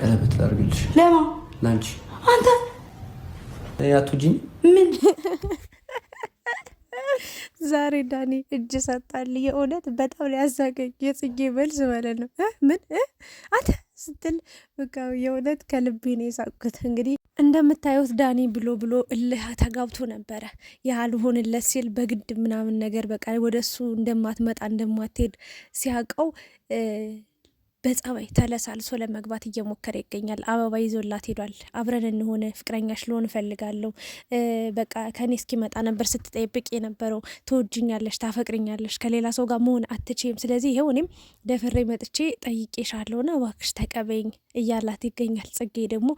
ቀለበት ላድርግልሽ። ለማ ለአንቺ አንተ ያቱጂኝ ምን ዛሬ ዳኒ እጅ ሰጣል። የእውነት በጣም ሊያዛገኝ የጽጌ መልስ ማለት ነው። ምን አንተ ስትል በቃ የእውነት ከልቤ ነው የሳቅኩት። እንግዲህ እንደምታዩት ዳኒ ብሎ ብሎ እልህ ተጋብቶ ነበረ። ያልሆንለት ሲል በግድ ምናምን ነገር በቃ ወደ እሱ እንደማትመጣ እንደማትሄድ ሲያውቀው በጸባይ ተለሳልሶ ለመግባት እየሞከረ ይገኛል። አበባ ይዞላት ሄዷል። አብረን እንሆን ፍቅረኛሽ ልሆን እፈልጋለሁ፣ በቃ ከኔ እስኪመጣ ነበር ስትጠይቅ የነበረው ትወጅኛለሽ፣ ታፈቅርኛለሽ፣ ከሌላ ሰው ጋር መሆን አትችም። ስለዚህ ይኸው እኔም ደፍሬ መጥቼ ጠይቄሻለሁና እባክሽ ተቀበኝ እያላት ይገኛል። ጽጌ ደግሞ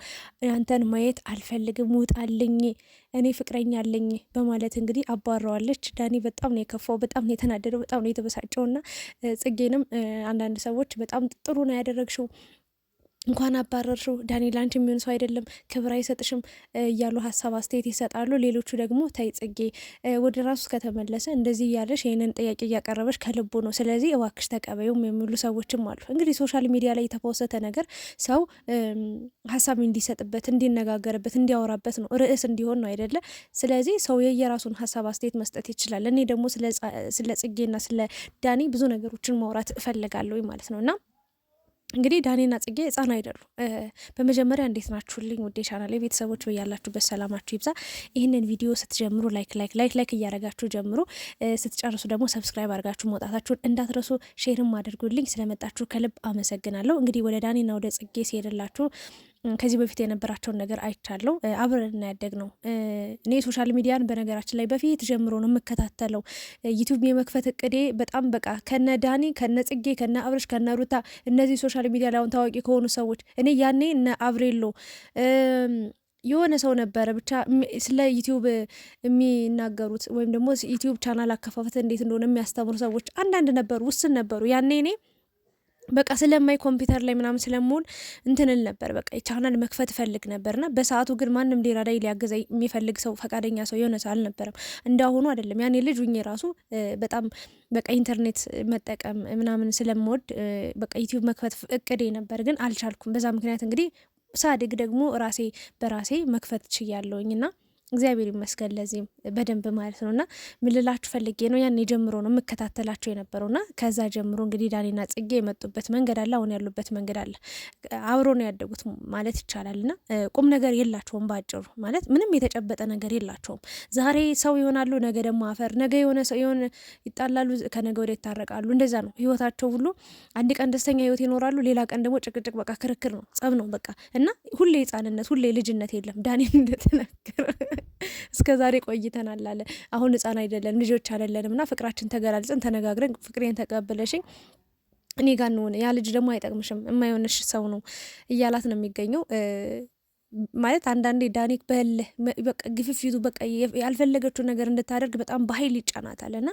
አንተን ማየት አልፈልግም ውጣልኝ እኔ ፍቅረኛ አለኝ በማለት እንግዲህ አባረዋለች። ዳኒ በጣም ነው የከፋው፣ በጣም ነው የተናደደው፣ በጣም ነው የተበሳጨው እና ጽጌንም አንዳንድ ሰዎች በጣም ጥሩ ነው ያደረግሽው እንኳን አባረርሽው ዳኒ ላንቺ የሚሆን ሰው አይደለም፣ ክብር አይሰጥሽም እያሉ ሀሳብ አስተያየት ይሰጣሉ። ሌሎቹ ደግሞ ታይ ጽጌ ወደ ራሱ ከተመለሰ እንደዚህ እያለሽ ይህንን ጥያቄ እያቀረበች ከልቡ ነው፣ ስለዚህ እባክሽ ተቀበዩም የሚሉ ሰዎችም አሉ። እንግዲህ ሶሻል ሚዲያ ላይ የተፖሰተ ነገር ሰው ሀሳብ እንዲሰጥበት፣ እንዲነጋገርበት፣ እንዲያወራበት ነው፣ ርዕስ እንዲሆን ነው አይደለ? ስለዚህ ሰው የየራሱን ሀሳብ አስተያየት መስጠት ይችላል። እኔ ደግሞ ስለ ጽጌና ስለ ዳኒ ብዙ ነገሮችን ማውራት እፈልጋለሁ ማለት ነው እና እንግዲህ ዳኔና ጽጌ ህጻን አይደሉ። በመጀመሪያ እንዴት ናችሁልኝ ውዴ ቻናል ቤተሰቦች፣ በያላችሁበት ሰላማችሁ ይብዛ። ይህንን ቪዲዮ ስትጀምሩ ላይክ ላይክ ላይክ ላይክ እያደረጋችሁ ጀምሩ። ስትጨርሱ ደግሞ ሰብስክራይብ አድርጋችሁ መውጣታችሁን እንዳትረሱ፣ ሼርም አድርጉልኝ። ስለመጣችሁ ከልብ አመሰግናለሁ። እንግዲህ ወደ ዳኔና ወደ ጽጌ ሲሄድላችሁ ከዚህ በፊት የነበራቸውን ነገር አይቻለው። አብረን እናያደግ ነው። እኔ ሶሻል ሚዲያን በነገራችን ላይ በፊት ጀምሮ ነው የምከታተለው። ዩቱብ የመክፈት እቅዴ በጣም በቃ ከነ ዳኒ ከነ ጽጌ ከነ አብረሽ ከነ ሩታ እነዚህ ሶሻል ሚዲያ ላይ አሁን ታዋቂ ከሆኑ ሰዎች እኔ ያኔ እነ አብሬሎ የሆነ ሰው ነበረ ብቻ ስለ ዩቲዩብ የሚናገሩት ወይም ደግሞ ዩቲዩብ ቻናል አከፋፈት እንዴት እንደሆነ የሚያስተምሩ ሰዎች አንዳንድ ነበሩ፣ ውስን ነበሩ ያኔ እኔ በቃ ስለማይ ኮምፒውተር ላይ ምናምን ስለምውል እንትንል ነበር። በቃ ቻናል መክፈት ነበር ነበርና በሰዓቱ ግን ማንም ሊረዳኝ ሊያገዛ የሚፈልግ ሰው ፈቃደኛ ሰው የሆነ ሰው አልነበረም። እንዳሁኑ አይደለም። ያኔ ልጅ ሁኜ ራሱ በጣም በቃ ኢንተርኔት መጠቀም ምናምን ስለምወድ በቃ ዩቲዩብ መክፈት እቅዴ ነበር፣ ግን አልቻልኩም። በዛ ምክንያት እንግዲህ ሳድግ ደግሞ ራሴ በራሴ መክፈት ችያለውኝ እና እግዚአብሔር ይመስገን ለዚህም በደንብ ማለት ነው። እና ምልላችሁ ፈልጌ ነው ያን የጀምሮ ነው የምከታተላቸው የነበረው እና ከዛ ጀምሮ እንግዲህ ዳኔና ጽጌ የመጡበት መንገድ አለ፣ አሁን ያሉበት መንገድ አለ። አብሮ ነው ያደጉት ማለት ይቻላል። እና ቁም ነገር የላቸውም በአጭሩ ማለት ምንም የተጨበጠ ነገር የላቸውም። ዛሬ ሰው ይሆናሉ፣ ነገ ደግሞ አፈር፣ ነገ የሆነ ሰው የሆነ ይጣላሉ፣ ከነገ ወደ ይታረቃሉ። እንደዛ ነው ህይወታቸው ሁሉ። አንድ ቀን ደስተኛ ህይወት ይኖራሉ፣ ሌላ ቀን ደግሞ ጭቅጭቅ፣ በቃ ክርክር ነው፣ ጸብ ነው በቃ። እና ሁሌ ህጻንነት፣ ሁሌ ልጅነት የለም ዳኔ እንደተናገረ እስከ ዛሬ ቆይተናል አለ። አሁን ህጻን አይደለንም ልጆች አይደለንም እና ፍቅራችን ተገላልጽን ተነጋግረን ፍቅሬን ተቀበለሽኝ እኔ ጋር እንሆነ ያ ልጅ ደግሞ አይጠቅምሽም የማይሆንሽ ሰው ነው እያላት ነው የሚገኘው። ማለት አንዳንዴ ዳኒክ በልህ በቃ ግፍፊቱ በቃ ያልፈለገችው ነገር እንድታደርግ በጣም በኃይል ይጫናታል እና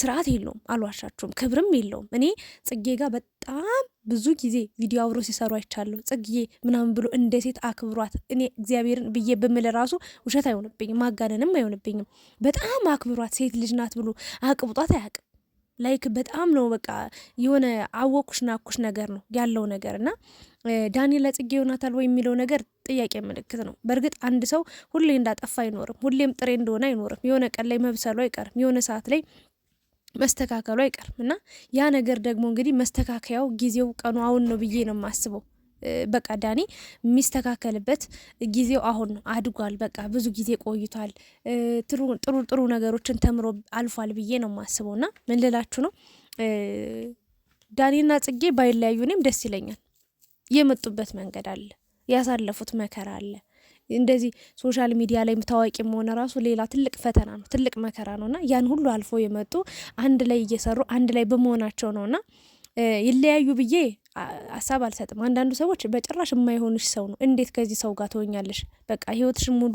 ስርዓት የለውም፣ አልዋሻችሁም። ክብርም የለውም። እኔ ጽጌ ጋር በጣም ብዙ ጊዜ ቪዲዮ አብሮ ሲሰሩ አይቻለሁ። ጽጌ ምናምን ብሎ እንደ ሴት አክብሯት። እኔ እግዚአብሔርን ብዬ ብምል ራሱ ውሸት አይሆንብኝም፣ ማጋነንም አይሆንብኝም። በጣም አክብሯት። ሴት ልጅ ናት ብሎ አቅብጧት አያውቅም። ላይክ በጣም ነው በቃ የሆነ አወኩሽ ናኩሽ ነገር ነው ያለው ነገር እና ዳንኤል ጽጌ ይሆናታል ወይ የሚለው ነገር ጥያቄ ምልክት ነው። በእርግጥ አንድ ሰው ሁሌ እንዳጠፋ አይኖርም፣ ሁሌም ጥሬ እንደሆነ አይኖርም። የሆነ ቀን ላይ መብሰሉ አይቀርም፣ የሆነ ሰዓት ላይ መስተካከሉ አይቀርም እና ያ ነገር ደግሞ እንግዲህ መስተካከያው ጊዜው ቀኑ አሁን ነው ብዬ ነው የማስበው። በቃ ዳኒ የሚስተካከልበት ጊዜው አሁን ነው። አድጓል። በቃ ብዙ ጊዜ ቆይቷል። ጥሩ ጥሩ ነገሮችን ተምሮ አልፏል ብዬ ነው የማስበው እና ምን ልላችሁ ነው ዳኒና ጽጌ ባይለያዩ እኔም ደስ ይለኛል። የመጡበት መንገድ አለ፣ ያሳለፉት መከራ አለ። እንደዚህ ሶሻል ሚዲያ ላይ ታዋቂ መሆን ራሱ ሌላ ትልቅ ፈተና ነው፣ ትልቅ መከራ ነው እና ያን ሁሉ አልፎ የመጡ አንድ ላይ እየሰሩ አንድ ላይ በመሆናቸው ነው እና ይለያዩ ብዬ ሀሳብ አልሰጥም። አንዳንዱ ሰዎች በጭራሽ የማይሆንሽ ሰው ነው እንዴት ከዚህ ሰው ጋር ትሆኛለሽ? በቃ ህይወትሽ ሙሉ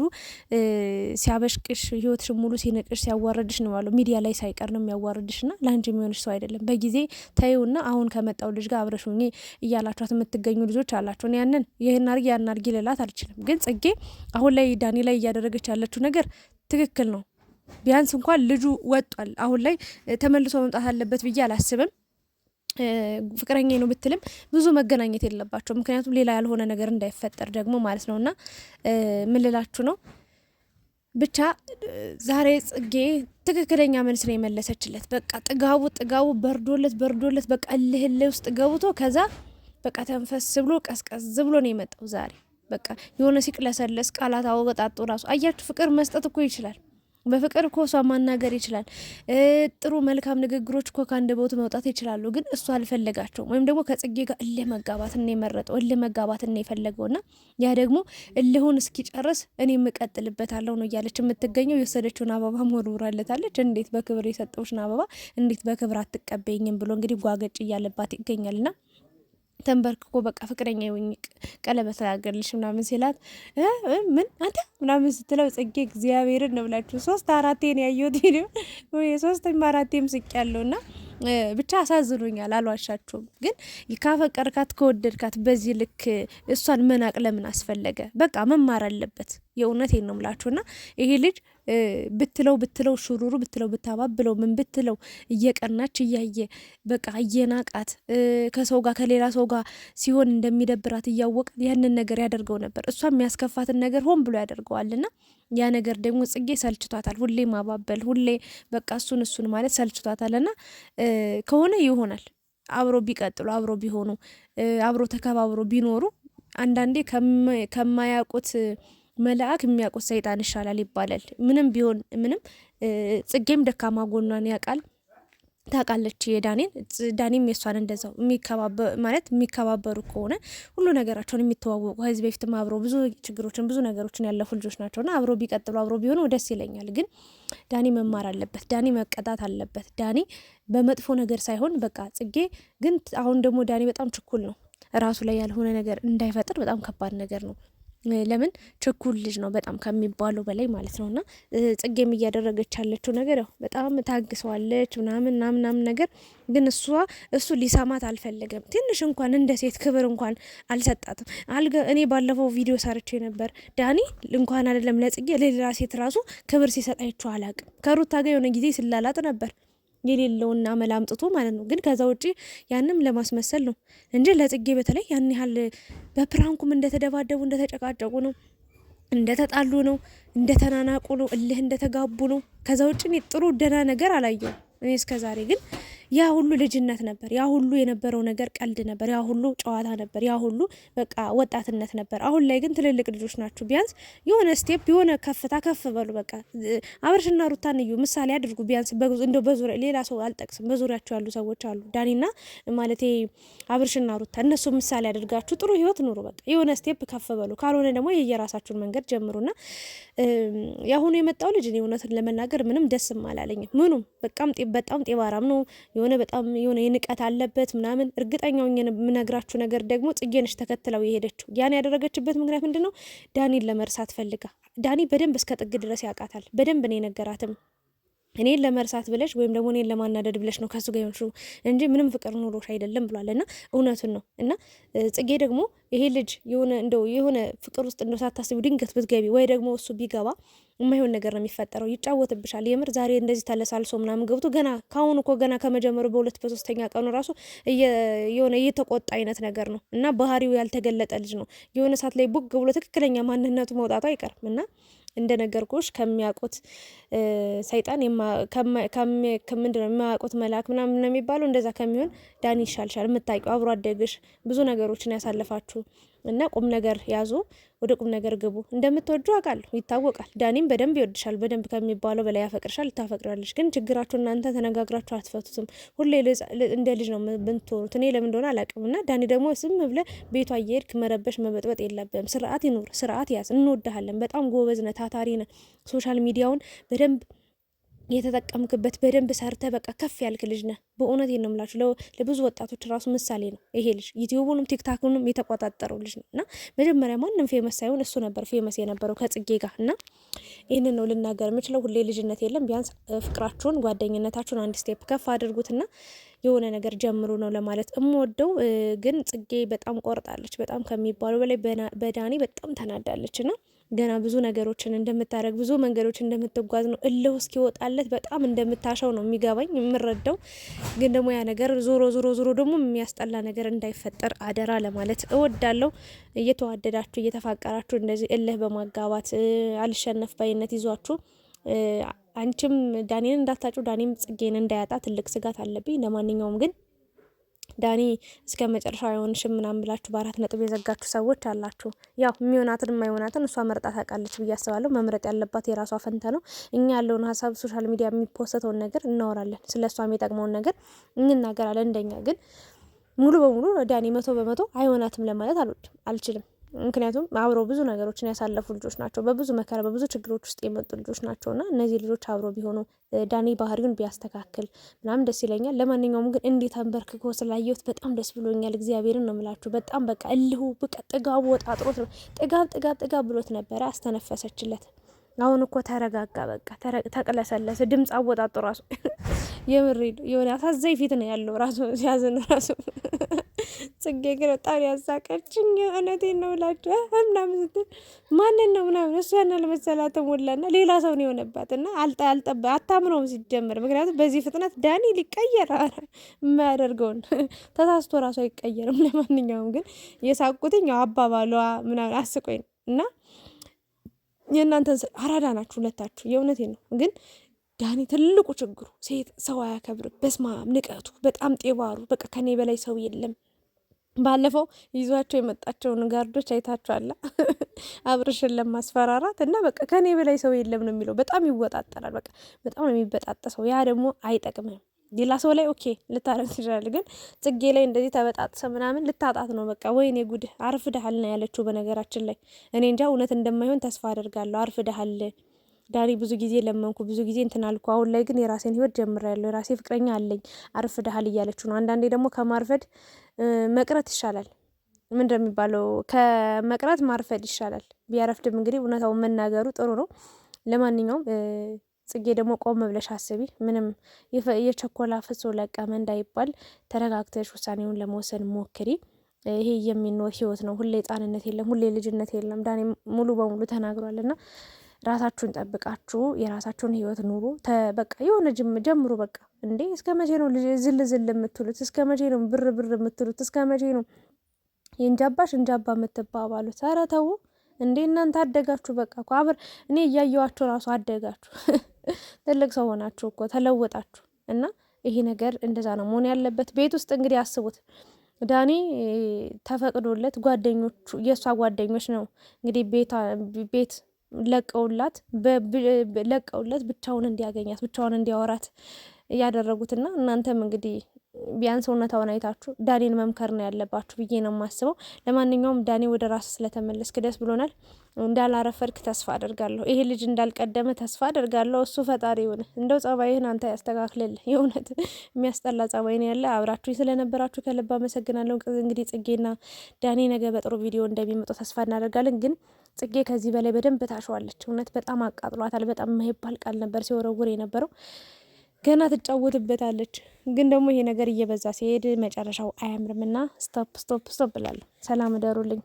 ሲያበሽቅሽ፣ ህይወትሽ ሙሉ ሲንቅሽ፣ ሲያዋረድሽ ነው ያለው። ሚዲያ ላይ ሳይቀር ነው የሚያዋረድሽ ና ለአንቺ የሚሆንሽ ሰው አይደለም። በጊዜ ተይውና አሁን ከመጣው ልጅ ጋር አብረሽ ሁኚ እያላችኋት የምትገኙ ልጆች አላቸው ያንን ይህን አርጊ ያን አርጊ ልላት አልችልም። ግን ጽጌ አሁን ላይ ዳኒ ላይ እያደረገች ያለችው ነገር ትክክል ነው። ቢያንስ እንኳን ልጁ ወጧል። አሁን ላይ ተመልሶ መምጣት አለበት ብዬ አላስብም። ፍቅረኛ ነው ብትልም ብዙ መገናኘት የለባቸው። ምክንያቱም ሌላ ያልሆነ ነገር እንዳይፈጠር ደግሞ ማለት ነው። እና ምን ልላችሁ ነው ብቻ ዛሬ ጽጌ ትክክለኛ መልስ ነው የመለሰችለት። በቃ ጥጋቡ ጥጋቡ በርዶለት በርዶለት በቃ ልህል ውስጥ ገብቶ ከዛ በቃ ተንፈስ ብሎ ቀዝቀዝ ብሎ ነው የመጣው ዛሬ። በቃ የሆነ ሲቅለሰለስ ቃላት አወጣጡ ራሱ አያችሁ። ፍቅር መስጠት እኮ ይችላል። በፍቅር እኮ እሷ ማናገር ይችላል። ጥሩ መልካም ንግግሮች እኮ ከአንድ ቦት መውጣት ይችላሉ። ግን እሱ አልፈለጋቸውም። ወይም ደግሞ ከጽጌ ጋር እልህ መጋባት ነው የመረጠው፣ እልህ መጋባት ነው የፈለገው እና ያ ደግሞ እልሁን እስኪጨርስ እኔ የምቀጥልበታለሁ ነው እያለች የምትገኘው። የወሰደችውን አበባ ወርውራለታለች። እንዴት በክብር የሰጠውሽን አበባ እንዴት በክብር አትቀበይኝም ብሎ እንግዲህ ጓገጭ እያለባት ና። ተንበርክኮ በቃ ፍቅረኛ ወኝ ቀለበት ላገርልሽ ምናምን ሲላት ምን አንተ ምናምን ስትለው ጽጌ እግዚአብሔርን ነው ብላችሁ ሶስት አራቴን ያየሁት ቪዲዮ ሶስትም አራቴም ስቅ ያለው እና ብቻ አሳዝኖኛል። አልዋሻችሁም። ግን ካፈቀርካት ከወደድካት በዚህ ልክ እሷን መናቅ ለምን አስፈለገ? በቃ መማር አለበት። የእውነቴን ነው የምላችሁ። እና ይሄ ልጅ ብትለው ብትለው ሹሩሩ ብትለው ብታባብለው ምን ብትለው እየቀናች እያየ በቃ እየናቃት ከሰው ጋር ከሌላ ሰው ጋር ሲሆን እንደሚደብራት እያወቀ ያንን ነገር ያደርገው ነበር። እሷ የሚያስከፋትን ነገር ሆን ብሎ ያደርገዋልና ያ ነገር ደግሞ ጽጌ ሰልችቷታል። ሁሌ ማባበል፣ ሁሌ በቃ እሱን እሱን ማለት ሰልችቷታልና ከሆነ ይሆናል አብሮ ቢቀጥሉ አብሮ ቢሆኑ አብሮ ተከባብሮ ቢኖሩ አንዳንዴ ከማያውቁት መልአክ የሚያውቁት ሰይጣን ይሻላል ይባላል። ምንም ቢሆን ምንም ጽጌም ደካማ ጎኗን ያውቃል ታውቃለች የዳኔን ዳኔም የሷን እንደዛው ማለት የሚከባበሩ ከሆነ ሁሉ ነገራቸውን የሚተዋወቁ ከዚህ በፊትም አብሮ ብዙ ችግሮችን ብዙ ነገሮችን ያለፉ ልጆች ናቸውና አብሮ ቢቀጥሉ አብሮ ቢሆኑ ደስ ይለኛል። ግን ዳኔ መማር አለበት። ዳኔ መቀጣት አለበት። ዳኔ በመጥፎ ነገር ሳይሆን በቃ ጽጌ ግን አሁን ደግሞ ዳኔ በጣም ችኩል ነው። ራሱ ላይ ያልሆነ ነገር እንዳይፈጥር በጣም ከባድ ነገር ነው። ለምን ችኩል ልጅ ነው በጣም ከሚባለው በላይ ማለት ነው። እና ጽጌም እያደረገች ያለችው ነገር ያው በጣም ታግሰዋለች ምናምን ምናምን ነገር ግን እሷ እሱ ሊሰማት አልፈለገም። ትንሽ እንኳን እንደ ሴት ክብር እንኳን አልሰጣትም። አልገ እኔ ባለፈው ቪዲዮ ሰርቼ ነበር ዳኒ እንኳን አይደለም ለጽጌ ለሌላ ሴት ራሱ ክብር ሲሰጣችው አይቼው አላቅም። ከሩታ ጋር የሆነ ጊዜ ስላላጥ ነበር የሌለውና መላምጥቶ ማለት ነው። ግን ከዛ ውጪ ያንም ለማስመሰል ነው እንጂ ለጽጌ በተለይ ያን ያህል በፕራንኩም እንደተደባደቡ እንደተጨቃጨቁ ነው እንደተጣሉ ነው እንደተናናቁ ነው እልህ እንደተጋቡ ነው። ከዛ ውጭ ጥሩ ደህና ነገር አላየው እኔ እስከዛሬ ግን ያ ሁሉ ልጅነት ነበር። ያ ሁሉ የነበረው ነገር ቀልድ ነበር። ያ ሁሉ ጨዋታ ነበር። ያ ሁሉ በቃ ወጣትነት ነበር። አሁን ላይ ግን ትልልቅ ልጆች ናችሁ። ቢያንስ የሆነ ስቴፕ የሆነ ከፍታ ከፍ በሉ። በቃ አብርሽና ሩታን እዩ፣ ምሳሌ አድርጉ። ቢያንስ እንደው በዙሪያ ሌላ ሰው አልጠቅስም፣ በዙሪያቸው ያሉ ሰዎች አሉ። ዳኒና ማለቴ አብርሽና ሩታ እነሱ ምሳሌ አድርጋችሁ ጥሩ ህይወት ኑሩ። በቃ የሆነ ስቴፕ ከፍ በሉ። ካልሆነ ደግሞ የየራሳችሁን መንገድ ጀምሩና የአሁኑ የመጣው ልጅ እውነትን ለመናገር ምንም ደስም አላለኝም። ምኑም በቃም በጣም ጤባራም ነው የሆነ በጣም የሆነ የንቀት አለበት ምናምን። እርግጠኛው የምነግራችሁ ነገር ደግሞ ጽጌነሽ ተከትለው የሄደችው ያን ያደረገችበት ምክንያት ምንድን ነው? ዳኒን ለመርሳት ፈልጋ። ዳኒ በደንብ እስከ ጥግ ድረስ ያውቃታል። በደንብ ነው የነገራትም እኔን ለመርሳት ብለሽ ወይም ደግሞ እኔን ለማናደድ ብለሽ ነው ከሱ ጋር የሆንሽው እንጂ ምንም ፍቅር ኖሮሽ አይደለም ብሏል። እና እውነቱን ነው። እና ጽጌ ደግሞ ይሄ ልጅ የሆነ እንደው የሆነ ፍቅር ውስጥ እንደው ሳታስቢው ድንገት ብትገቢ ወይ ደግሞ እሱ ቢገባ የማይሆን ነገር ነው የሚፈጠረው። ይጫወትብሻል። የምር ዛሬ እንደዚህ ተለሳልሶ ምናምን ገብቶ ገና ከአሁኑ እኮ ገና ከመጀመሩ በሁለት በሶስተኛ ቀኑ ራሱ የሆነ እየተቆጣ አይነት ነገር ነው እና ባህሪው ያልተገለጠ ልጅ ነው። የሆነ ሰዓት ላይ ቡግ ብሎ ትክክለኛ ማንነቱ መውጣቱ አይቀርም እና እንደነገርኩሽ ከሚያውቁት ሰይጣን ምንድነው የማያውቁት መልአክ ምናምን ነው የሚባለው። እንደዛ ከሚሆን ዳኒ ይሻልሻል። የምታውቂው አብሮ አደግሽ ብዙ ነገሮችን ያሳለፋችሁ እና ቁም ነገር ያዙ፣ ወደ ቁም ነገር ግቡ። እንደምትወዱ አውቃለሁ፣ ይታወቃል። ዳኒም በደንብ ይወድሻል፣ በደንብ ከሚባለው በላይ ያፈቅርሻል፣ ታፈቅራለች። ግን ችግራችሁ እናንተ ተነጋግራችሁ አትፈቱትም። ሁሌ እንደ ልጅ ነው ብንትሆኑት፣ እኔ ለምን እንደሆነ አላውቅም። እና ዳኒ ደግሞ ስም ብለ ቤቷ እየሄድክ መረበሽ መበጥበጥ የለብህም። ስርዓት ይኑር፣ ስርዓት ያዝ። እንወድሃለን፣ በጣም ጎበዝ ነህ፣ ታታሪ ነህ። ሶሻል ሚዲያውን በደንብ የተጠቀምክበት በደንብ ሰርተ በቃ ከፍ ያልክ ልጅ ነህ። በእውነት ነው የምላችሁ ለብዙ ወጣቶች ራሱ ምሳሌ ነው ይሄ ልጅ። ዩቲዩቡንም ቲክታክንም የተቆጣጠረው ልጅ ነው እና መጀመሪያ ማንም ፌመስ ሳይሆን እሱ ነበር ፌመስ የነበረው ከጽጌ ጋር እና ይህንን ነው ልናገር የምችለው። ሁሌ ልጅነት የለም። ቢያንስ ፍቅራችሁን፣ ጓደኝነታችሁን አንድ ስቴፕ ከፍ አድርጉትና የሆነ ነገር ጀምሩ ነው ለማለት እምወደው። ግን ጽጌ በጣም ቆርጣለች። በጣም ከሚባሉ በላይ በዳኒ በጣም ተናዳለች እና ገና ብዙ ነገሮችን እንደምታደርግ ብዙ መንገዶች እንደምትጓዝ ነው እልህ እስኪወጣለት በጣም እንደምታሻው ነው የሚገባኝ የምረዳው። ግን ደግሞ ያ ነገር ዞሮ ዞሮ ዞሮ ደግሞ የሚያስጠላ ነገር እንዳይፈጠር አደራ ለማለት እወዳለሁ። እየተዋደዳችሁ እየተፋቀራችሁ እንደዚህ እልህ በማጋባት አልሸነፍ ባይነት ይዟችሁ አንቺም ዳኔን እንዳታጩ ዳኔም ጽጌን እንዳያጣ ትልቅ ስጋት አለብኝ። ለማንኛውም ግን ዳኒ እስከ መጨረሻ አይሆንሽም ምናምን ብላችሁ በአራት ነጥብ የዘጋችሁ ሰዎች አላችሁ። ያው የሚሆናትን የማይሆናትን እሷ መርጣ ታውቃለች ብዬ አስባለሁ። መምረጥ ያለባት የራሷ ፈንተ ነው። እኛ ያለውን ሀሳብ ሶሻል ሚዲያ የሚፖሰተውን ነገር እናወራለን። ስለ እሷ የሚጠቅመውን ነገር እንናገራለን። እንደኛ ግን ሙሉ በሙሉ ዳኒ መቶ በመቶ አይሆናትም ለማለት አልችልም። ምክንያቱም አብረው ብዙ ነገሮችን ያሳለፉ ልጆች ናቸው። በብዙ መከራ በብዙ ችግሮች ውስጥ የመጡ ልጆች ናቸው እና እነዚህ ልጆች አብረው ቢሆኑ ዳኒ ባህሪውን ቢያስተካክል ምናምን ደስ ይለኛል። ለማንኛውም ግን እንዴት አንበርክኮ ስላየሁት በጣም ደስ ብሎኛል። እግዚአብሔርን ነው የምላችሁ። በጣም በቃ እልሁ በቃ ጥጋቡ ወጣ ነው ጥጋብ ጥጋብ ጥጋብ ብሎት ነበረ። አስተነፈሰችለት። አሁን እኮ ተረጋጋ፣ በቃ ተቅለሰለሰ። ድምፅ አወጣጡ ራሱ የምሬ የሆነ አሳዛኝ ፊት ነው ያለው ራሱ ሲያዝን ራሱ ጽጌ ግን በጣም ያሳቀችኝ። እውነቴን ነው ብላችሁ ምናምን ስትል ማንን ነው ምናምን እሱ እሷን አልመሰላትም ሁላና ሌላ ሰው ነው የሆነባት እና አልጠበ አታምነውም ሲጀምር። ምክንያቱም በዚህ ፍጥነት ዳኒ ሊቀየር የማያደርገውን ተሳስቶ ራሱ አይቀየርም። ለማንኛውም ግን የሳቁትኝ አባባሏ ምናምን አስቆኝ እና የእናንተን አራዳ ናችሁ ሁለታችሁ፣ የእውነቴ ነው። ግን ዳኒ ትልቁ ችግሩ ሴት ሰው አያከብርም። በስማም ንቀቱ በጣም ጤባሩ። በቃ ከኔ በላይ ሰው የለም። ባለፈው ይዟቸው የመጣቸውን ጋርዶች አይታችኋላ፣ አብርሽን ለማስፈራራት እና በቃ ከኔ በላይ ሰው የለም ነው የሚለው። በጣም ይወጣጠራል። በቃ በጣም የሚበጣጠሰው። ያ ደግሞ አይጠቅምም። ሌላ ሰው ላይ ኦኬ ልታረግ ትችላል፣ ግን ጽጌ ላይ እንደዚህ ተበጣጥሰ ምናምን ልታጣት ነው በቃ። ወይኔ ጉድ አርፍ ደሃል ነው ያለችው። በነገራችን ላይ እኔ እንጃ እውነት እንደማይሆን ተስፋ አደርጋለሁ። አርፍ ደሃል ዳኒ ብዙ ጊዜ ለመንኩ፣ ብዙ ጊዜ እንትን አልኩ። አሁን ላይ ግን የራሴን ህይወት ጀምሬያለሁ፣ የራሴ ፍቅረኛ አለኝ። አርፍ ደሃል እያለችው ነው። አንዳንዴ ደግሞ ከማርፈድ መቅረት ይሻላል። ምን እንደሚባለው ከመቅረት ማርፈድ ይሻላል። ቢያረፍድም እንግዲህ እውነታውን መናገሩ ጥሩ ነው። ለማንኛውም ጽጌ ደግሞ ቆም ብለሽ አስቢ። ምንም የቸኮላ ፍጹም ለቀመ እንዳይባል ተረጋግተሽ ውሳኔውን ለመወሰን ሞክሪ። ይሄ የሚኖር ህይወት ነው። ሁሌ ህጻንነት የለም፣ ሁሌ ልጅነት የለም። ዳኔ ሙሉ በሙሉ ተናግሯል እና ራሳችሁን ጠብቃችሁ የራሳችሁን ህይወት ኑሩ። በቃ የሆነ ጀምሩ። በቃ እንዴ እስከ መቼ ነው ዝል ዝል የምትሉት? እስከ መቼ ነው ብር ብር የምትሉት? እስከ መቼ ነው የእንጃባሽ እንጃባ የምትባባሉት? ኧረ ተው እንዴ እናንተ አደጋችሁ። በቃ አብር እኔ እያየዋቸው ራሱ አደጋችሁ። ትልቅ ሰው ሆናችሁ እኮ ተለወጣችሁ። እና ይሄ ነገር እንደዛ ነው መሆን ያለበት። ቤት ውስጥ እንግዲህ አስቡት ዳኒ ተፈቅዶለት ጓደኞቹ የእሷ ጓደኞች ነው እንግዲህ ቤት ለቀውላት ለቀውለት ብቻውን እንዲያገኛት ብቻውን እንዲያወራት ያደረጉትና እናንተም እንግዲህ ቢያንስ እውነታውን አይታችሁ ዳኔን መምከር ነው ያለባችሁ ብዬ ነው የማስበው። ለማንኛውም ዳኔ ወደ ራስ ስለተመለስክ ደስ ብሎናል። እንዳላረፈድክ ተስፋ አደርጋለሁ። ይሄ ልጅ እንዳልቀደመ ተስፋ አደርጋለሁ። እሱ ፈጣሪ ሆነ እንደው ጸባይህን አንተ ያስተካክልል። የእውነት የሚያስጠላ ጸባይን ያለ አብራችሁ ስለነበራችሁ ከልብ አመሰግናለሁ። እንግዲህ ጽጌና ዳኔ ነገ በጥሩ ቪዲዮ እንደሚመጡ ተስፋ እናደርጋለን። ግን ጽጌ ከዚህ በላይ በደንብ ታሸዋለች። እውነት በጣም አቃጥሏታል። በጣም የማይባል ቃል ነበር ሲወረውር የነበረው። ገና ትጫወትበታለች። ግን ደግሞ ይሄ ነገር እየበዛ ሲሄድ መጨረሻው አያምርምና ስቶፕ ስቶፕ ስቶፕ እላለሁ። ሰላም እደሩልኝ።